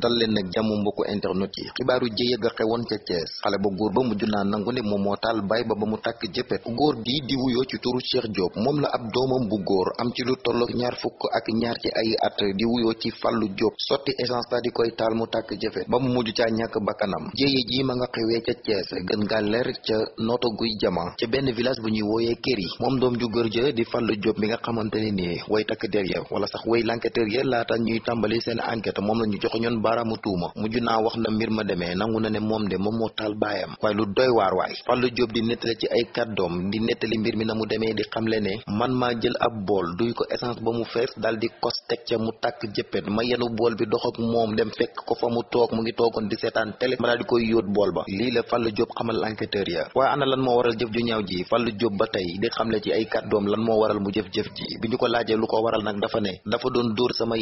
dal leen nag jàmm mbokk internet yi xibaaru jéye ga xewoon ca Thiès xale ba góor ba mujj naa nangu ne moom moo taal baay ba ba mu tàkk jëppet góor gi di wuyoo ci turu Cheikh Diop moom la ab doomam bu góor am ci lu tollook ñaar fukk ak ñaar ci ay at di wuyoo ci Fallou Diop sotti essence ta di koy taal mu tàkk jëppet ba mu mujj caa ñàkk bakkanam jéye ji ma nga xewee ca Thiès gën ngaa ca nooto guy jama ca benn village bu ñuy wooyee kër yi moom doom ju góor jële di Fallou Diop mi nga xamante ne nii way takk der ya wala sax way l'enquêteur ya laata ñuy tàmbali seen enquête moom la ñu jox ñoon baaraamu tuuma mujj naa wax na mbir ma demee nangu na ne moom de moom moo taal baayam waaye lu doy waar waay Fallou Diop di nettali ci ay kàddoom di nettali mbir mi na mu demee di xamle ne man maa jël ab bool duy ko essence ba mu fees dal di kos teg ca mu takk jëppet ma yenu bool bi dox ak moom dem fekk ko fa mu toog mu ngi toogoon di seetaan télé ma daal koy yóot bool ba lii la Fallou Diop xamal enquêteur ya waaye ana lan moo waral jëf ju ñaaw ji Fallou Diop ba tey di xamle ci ay kàddoom lan moo waral mu jëf-jëf ji bi ñu ko laajee lu ko waral nag dafa ne dafa doon dóor sama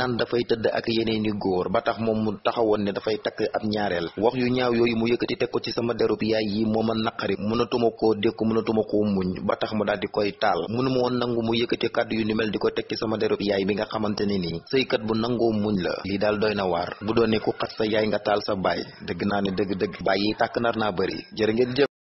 naan dafay tëdd ak yeneen i góor ba tax moom mu taxawoon ne dafay takk ab ñaareel wax yu ñaaw yooyu mu yëkkati teg ko ci sama derub yaay yi moo ma naqari mënatuma koo dékku mënatuma ko muñ ba tax mu daal di koy taal mënu ma woon nangu mu yëkkati kàddu yu ni mel di ko teg ci sama derub yaay bi nga xamante ne nii sëykat bu nangoo muñ la lii daal doy na waar bu doonee ku xat sa yaay nga taal sa baay dëgg naa ne dëgg-dëgg baay yi tàkk nar naa bëri jërë